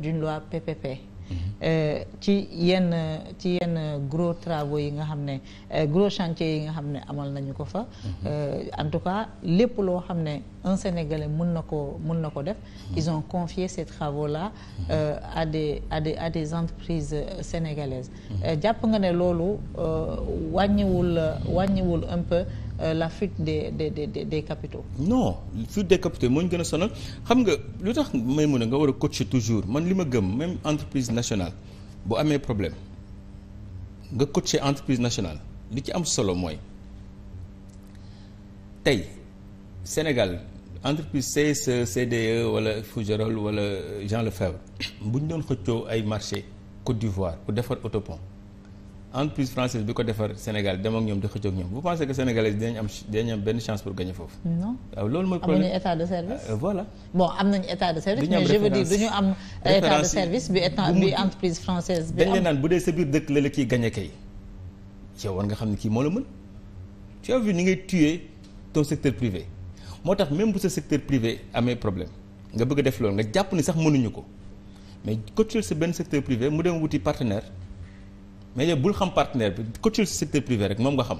d'une loi PPP mm-hmm. euh, ci yenn ci yenn gros travaux yi nga xam ne euh, gros chantier yi nga xam ne amal nañu ko fa mm-hmm. euh, en tout cas lépp loo xam ne un Sénégalais mun na ko mun na ko def mm-hmm. ils ont confié ces travaux là euh, à des à des à des entreprises sénégalaises jàpp nga ne loolu wàññiwul wàññiwul un peu Euh, la fuite des des des des capitaux. non fuite des capitaux moo ñu gën a sonal xam nga lu tax may mun a nga war a coacher toujours man li ma gëm même entreprise nationale bu amee problème nga coacher entreprise nationale li ci am solo mooy tey Sénégal entreprise CSE CDE wala Fougerolles wala Jean Lefebvre bu ñu doon xëccoo ay marché Côte d'Ivoire pour defar autopont. entreprise française bi ko defar Sénégal dem ñoom di xëccoog ñoom vous pensez que sénégalais dinañ am dinañ am benn chance pour gagner foofu. non waaw ah, loolu mooy problème naan bu dee sa biir dëkk la la kii gagné kay. yow war nga xam ne kii moo la mën. ngay tuer ton secteur privé moo tax même bu sa secteur privé amee problème nga bëgg a def loolu nga jàpp ni sax mënuñu ko mais coacher sa benn secteur privé mu dem wuti partenaire. mais yow bul xam partenaire bi coachul secteur privé rek moom nga xam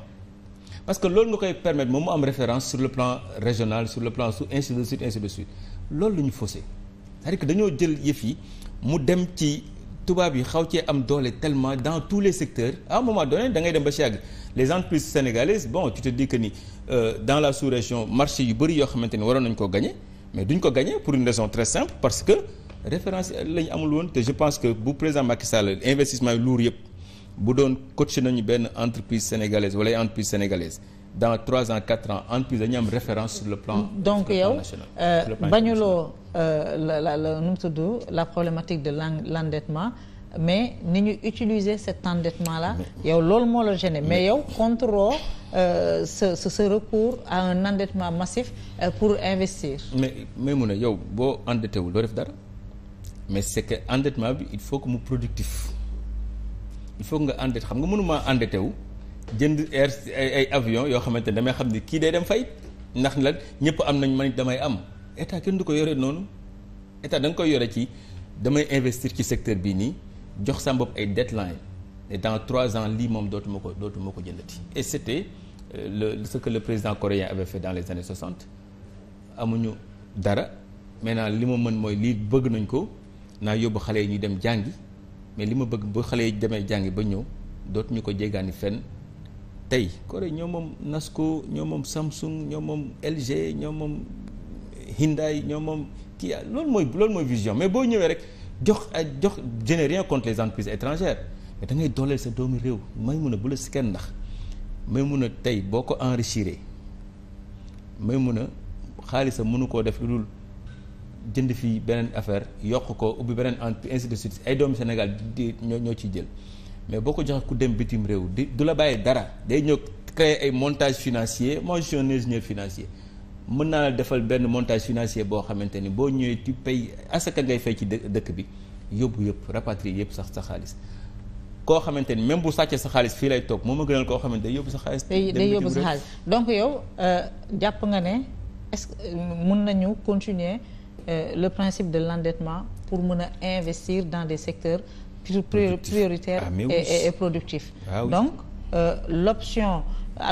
parce que loolu nga koy permettre moom mu am référence sur le plan régional sur le plan sous ainsi de loolu la ñu faussé c'est-à-dire que dañoo jël yëf yi mu dem ci tubaab yi xaw cee am doole tellement dans tous les secteurs à un moment donné da ngay dem ba si yàgg les entreprises sénégalaises bon tu te dis ni euh, dans la sous-région marché yu bari yoo xamante ni waroon nañ koo gagné mais duñ ko gagné pour une raison très parce que référence la amul woon te je pense que bu président Macky Sall investissement yu yëpp. bu doon coach nañu benn entreprise sénégalaise wala ay entreprise sénégalaise dans trois ans quatre ans entreprise dañu am référence sur le plan donc yow euh, bañuloo euh, la la la nu mu tudd la problématique de l'endettement mais ni ñu utiliser cet endettement la yow loolu moo la gêné mais yow contre euh, ce ce recours à un endettement massif pour investir mais mais mu ne yow boo endetté wul doo def dara mais c'est que endettement bi il faut que mu productif il foog nga endetté xam nga mënuma endetté wu jënd ay avion yoo xamante ne damay xam ni kii day dem fay ndax nag ñëpp am nañ man damay am état kenn du ko yore noonu état da nga koy yore ci damay investir ci secteur bii nii jox sa bopp ay deadline et dans trois ans lii moom dootuma ko dootuma ko jëndati. et c' était euh, le ce que le président coréen avait fait dans les années soixante amuñu dara maintenant li ma mën mooy lii bëgg nañ ko naa yóbbu xale yi ñuy dem jàngi. mais li ma bëgg bu xale yi demee jàngi ba ñëw dootuñu ko jéggaani fen tey Corée ñoo moom Nasco ñoo moom Samsung ñoo moom LG ñoo moom Hyundai ñoo moom Kia ah, loolu mooy loolu mooy vision mais boo ñëwee rek jox jox je n'ai rien contre les entreprises étrangères mais da ngay dooleel sa doomi réew may mun a bu la si kenn ndax may mun a tey boo ko enrichir may mun a xaalisa mënu koo def lu dul jënd fii beneen affaire yokk ko ubbi beneen entreprise ainsi de ay doomu Sénégal di ñoo ñoo ciy jël mais boo ko joxee ku dem bitim réew di du la bàyyi dara day ñëw créer ay montage financier moi je suis financier mën naa defal benn montage financier boo xamante ni boo ñëwee tu pay asaka ngay fay ci dëkk bi yóbbu yëpp rapatrier yëpp sax sa xaalis koo xamante ni même bu sàccee sa xaalis fii lay toog moom a gënal koo xamante day yóbbu sa xaalis day yóbbu sa xaalis donc yow euh, jàpp nga ne est-ce que euh, mën nañu continuer Euh, le principe de l'endettement pour mën a investir dans des secteurs prioritaires ah, oui. et, et productifs ah, oui. donc euh, l'option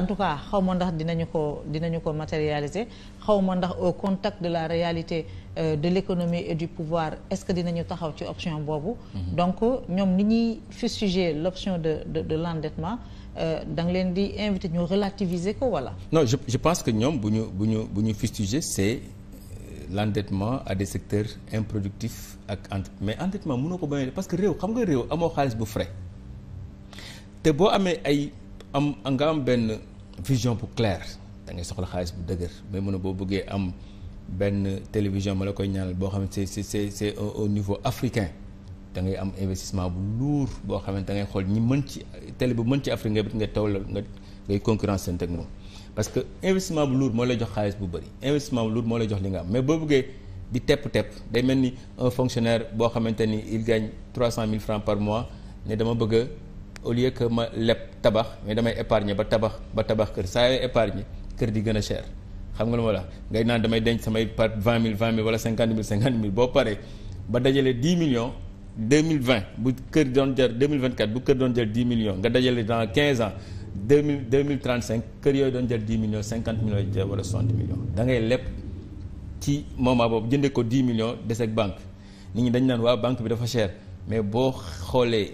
en tout cas xaw ma ndax dinañu ko dinañu ko matérialiser xaw ma ndax au contact de la réalité euh, de l'économie et du pouvoir est-ce que dinañu taxaw ci option boobu mm -hmm. donc ñoom ni ñuy fustiger l'option de de, de l'endettement euh, da nga leen di inviter ñu relativiser ko wala non je, je pense que ñoom bu ñu bu ñu c'est l'endettement à des secteurs improductifs ak entre mais endettement mënoo ko bañ parce que réew xam nga réew amoo xaalis bu frais te boo amee ay am nga am benn vision bu claire da ngay soxla xaalis bu dëgër mais mën a boo bëggee am benn télévision ma la koy ñaanal boo xam ne c'est c'est c'est au niveau africain da ngay am investissement bu lourd boo xam ne da xool ñi mën ci télé bu mën ci Afrique nga bit nga taw la nga ngay concurrence seen teg moom parce que investissement bu lourd moo lay jox xaalis bu bëri investissement bu lourd moo lay jox li nga am mais boo bëggee di tepp-tepp day mel ni un fonctionnaire boo xamante ni il gagne trois cent mille francs par mois ne dama bëgg au lieu que ma leb tabax mais damay épargner ba tabax ba tabax kër saa yoo épargner kër di gën a cher xam nga lu ma la ngay naan damay denc samay par vingt mille vingt mille wala cinquante mille cinquante mille boo paree ba dajale dix millions deux mille vingt nga dajale dans quinze ans deux mille deux mille cinq kër yooyu doon jar dix millions cinquante millions yi jar wala soixante millions da ngay ci moment boobu jëndee ko dix millions des ak banque nit ñi dañu naan waa banque bi dafa cher mais boo xoolee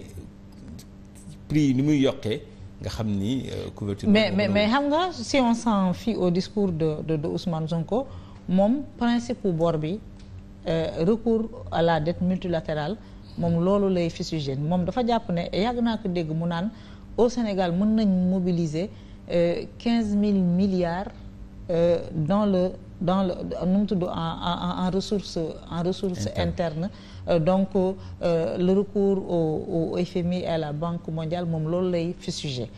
prix ni muy yokkee nga xam ni euh, couverture. mais mais mais xam nga si on s'en au discours de de de Ousmane Sonko moom principe bor bi euh, recours à la dette multilatérale moom loolu lay fustigé moom dafa jàpp ne yàgg naa ko dégg mu naan. au Sénégal mën nañ mobiliser euh, quinze mille milliards euh, dans le dans le nu mu tudd en en en ressources en ressources internes euh, donc le recours au FMI et à la Banque mondiale moom loolu lay fi sujet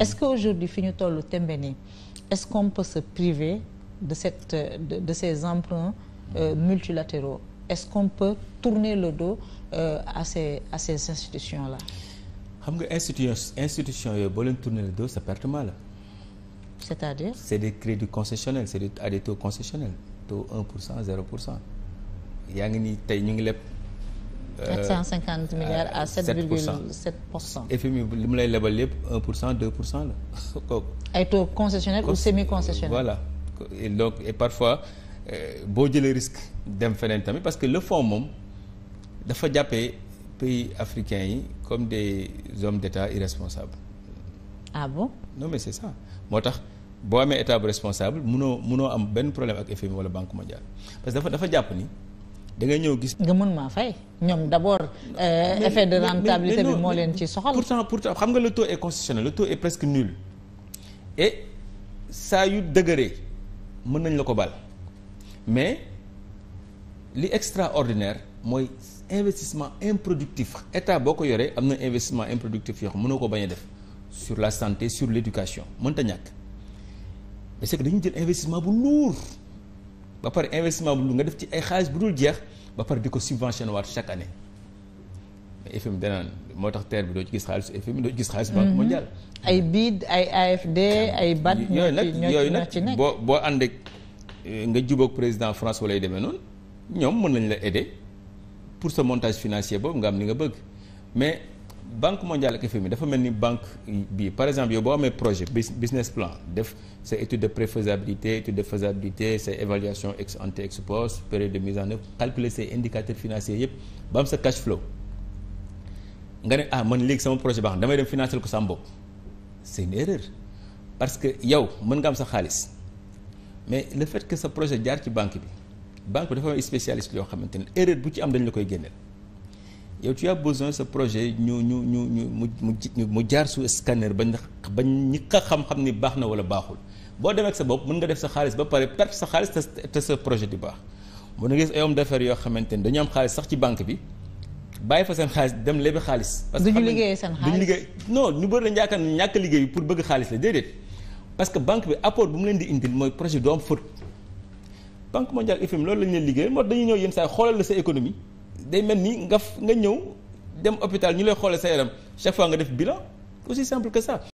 est-ce que aujourd'hui fi ñu toll tembe est-ce qu'on peut se priver de cette de, de ces emprunts euh, multilatéraux est-ce qu'on peut tourner le dos euh, à ces à ces institutions-là xam nga institution institution yooyu boo leen tourner le dos sa pertement la. c'est-à-dire. c'est des crédits concessionnels c'est des à des taux pour cent 0 pour cent yaa ngi nii tey ñu ngi leb. 450 euh, milliards à 7,7 pour cent. FMI li mu lay lebal yëpp pour cent 2 pour cent la kooku. ay taux concessionnels ou semi-concessionnels. voilà et donc et parfois euh, boo jëlee risque dem feneen tamit parce que le fonds moom dafa jàppee. pays africains yi comme des hommes d'État irresponsables. ah bon. non mais c'est ça moo tax boo amee état bu responsable munoo munoo am benn problème ak FMI wala Banque mondiale parce que dafa dafa jàpp ni. dangay ñëw gis. nga mën maa fay ñoom d'abord. Euh, effet de rentabilité bi moo leen ci soxal. pourtant pourtant xam nga le taux est constitutionnel le taux est presque nul et saa yu dëgëree mën nañ la ko bal mais. li extraordinaire mooy investissement improductif état boo ko yoree am na investissement improductif yoo xam mënoo ko bañ a def sur la santé sur l'éducation mënta ñàkk mais c'est que dañu jël investissement bu lourd ba pare investissement bu lourd nga def ci ay xaalis bu dul jeex ba pare di ko subventionné waat chaque année mais FMI danaan moo tax terre bi doo ci gis xaalis xaalisu FMI doo ci gis xaalisu banque mondiale mm-hmm. ay BID ay AFD ay BAD. ñoo ci yooyu nag yooyu boo boo ànd ak eh, nga jubóog président France wala demee noonu. ñoom mën nañ la aider pour sa montage financier boobu nga am li nga bëgg mais banque mondiale ak FMI dafa mel ni banque bii par exemple yow boo amee projet business plan def sa étude de préfaisabilité étude de faisabilité sa évaluation ex ante ex post période de mise en œuvre calculer ses indicateurs financiers yëpp ba am sa cash flow nga ne ah man léegi sama projet baax na damay dem financer ko sama bopp c'est une parce que yow mën nga am sa xaalis mais le fait que sa projet jaar ci banque bi. banque dafa am yoo xamante ne erreur bu ci am dañ la koy génneel yow tu as besoin sa projet ñu ñu ñu ñu mu mu mu jaar su scanner bañ bañ ñi ka xam-xam ni baax na wala baaxul boo demee ak sa bopp mën nga def sa xaalis ba pare perte sa xaalis te sa projet di baax mën nga gis ay homme d'affaires yoo xamante ni dañu am xaalis sax ci banque bi bàyyi fa seen xaalis dem lebi xaalis. parce que duñu liggéeyee ñu bëri lañu ñàkk liggéey pour bëgg xaalis la déedéet parce que banque bi apport bu mu leen di indil mooy projet du am faute. banque mondiale IFM loolu lañ leen liggéey moo dañuy ñëw yenn saa xoolal la sa économie day mel ni nga nga ñëw dem hôpital ñu lay xoolal sa yaram chaque fois nga def bilan aussi simple que ça